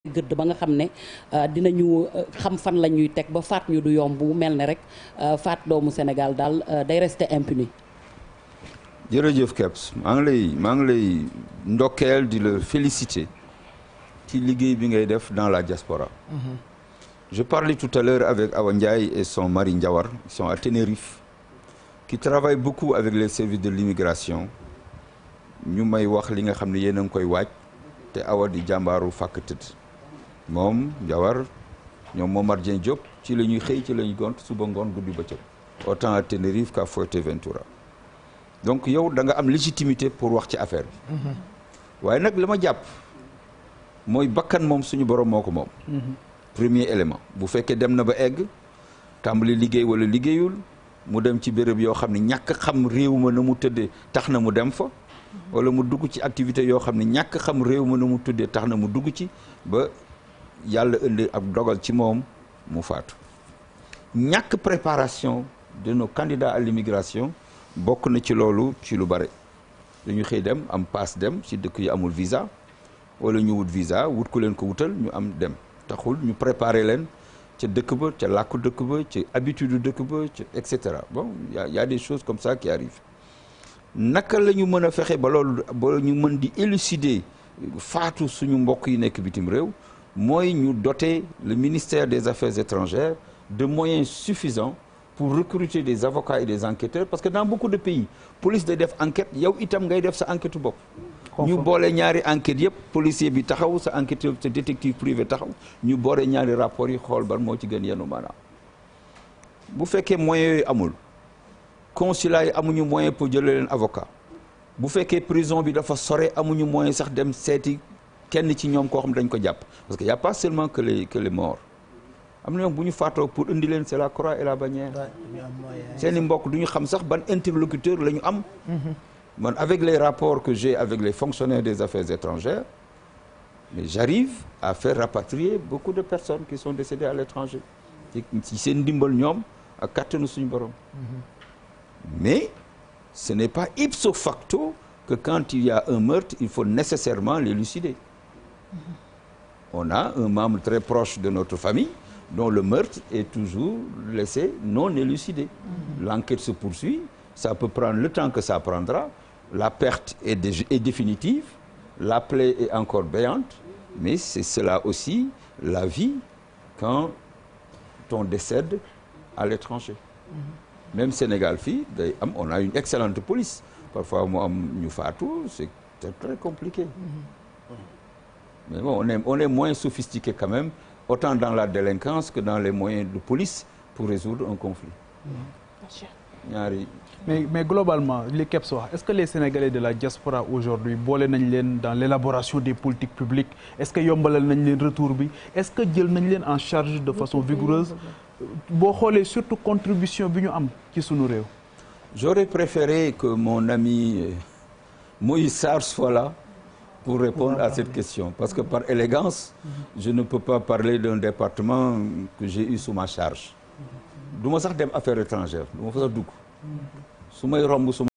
gëdd ba nga xamné euh, dinañu euh, xam fan lañuy tek ba faat ñu du yomb bu mel rek euh, faat doomu Sénégal dal day rester impuni jërëjëf Kebs ma ngi lay maa ngi lay ndokkeel di le féliciter ci liggéey bi ngay def dans la diaspora mhm. je parlais tout à l'heure avec Awa Ndiaye et son mari Ndiawar qui sont à Tenerife qui travaillent beaucoup avec les services de l'immigration ñu may wax li nga xamné ne yéen ngi koy waaj té Awa di jàmbaaru fàkk tëdd moom Ndiawar ñoom Momar Dieng Diop ci la ñuy xëy ci la ñuy gont suba ngoon guddi bëccëg autant à Tenerife qu'à Fuerteventura donc yow da nga am légitimité pour wax ci affaire bi mm-hmm. waaye nag li ma jàpp mooy bakkan moom suñu borom moo ko moom mm-hmm. premier élément bu fekkee dem na ba egg tàmbali liggéey wala liggéeyul mu dem ci béréb yoo xam ne ñàkk xam réew ma na mu tëddee tax na mu dem fa wala mu dugg ci activité yoo xam ne ñàkk xam réew ma na mu tëddee tax na mu dugg ci yalla indi ab dogal ci mom mu faatu ñak préparation de nos candidats à l'immigration bokku na ci lolu ci lu bari dañu xëy dem am passe dem ci dëkk yu amul visa wala ñu wut visa wut ko leen ko wutal ñu am dem taxul ñu préparer leen ci dëkk ba ci làkku dëkk ba ci habitude dëkk ba ci et cetera bon y a y a des choses comme ça qui arrivent naka lañu mëna fexé ba lolu ba ñu mën di élucider faatu suñu mbokk yi nekk bitim réew nous ñu doter le ministère des affaires étrangères de moyens suffisants pour recruter des avocats et des enquêteurs parce que dans beaucoup de pays la police de def enquête yow itam ngay def sa enquête Nous ñu Nous ñaari enquête yëpp policier bi taxaw sa enquêtes, sa détective privé taxaw rapports, qui ñaari rapport yi qui ban moo ci gën yenu maanaam bu moyens yooyu amul consulat yi amuñu moyens pour donner un avocat bu fekkee prison bi dafa sore amuñu moyens sax dem kenn ci ñoom koo xam dañ ko jàpp parce que y' a pas seulement que les que les morts am na ñoom bu pour indi leen c' est la croix et la bannière seen i mbokk du ñu xam sax ban interlocuteur la ñu am mhm. man avec les rapports que j'ai avec les fonctionnaires des affaires étrangères mais j'arrive à faire rapatrier beaucoup de personnes qui sont décédées à l'étranger ci seen ndimbal ñoom ak kàttanu suñu borom mhm. mais ce n'est pas ipso facto que quand il y a un meurtre il faut nécessairement l'élucider on a un membre très proche de notre famille dont le meurtre est toujours laissé non élucidé. Mhm. L'enquête se poursuit, ça peut prendre le temps que ça prendra, la perte est, définitive, la plaie est encore béante, mais c'est cela aussi la vie quand on décède à l'étranger. Mhm. Même Sénégal on a une excellente police parfois nous c'est très compliqué. Mhm. Mais bon, on est, moins sophistiqué quand même, autant dans la délinquance que dans les moyens de police pour résoudre un conflit. Mais, globalement, les KEPSOA, est-ce que les Sénégalais de la diaspora aujourd'hui, dans l'élaboration des politiques publiques, est-ce que ont le retour Est-ce que Djel en charge de façon vigoureuse les surtout contribution qui sont J'aurais préféré que mon ami euh, Moïse Sars soit là pour répondre à cette question. Parce que par élégance, je ne peux pas parler d'un département que j'ai eu sous ma charge. Je ne affaires étrangères, je ne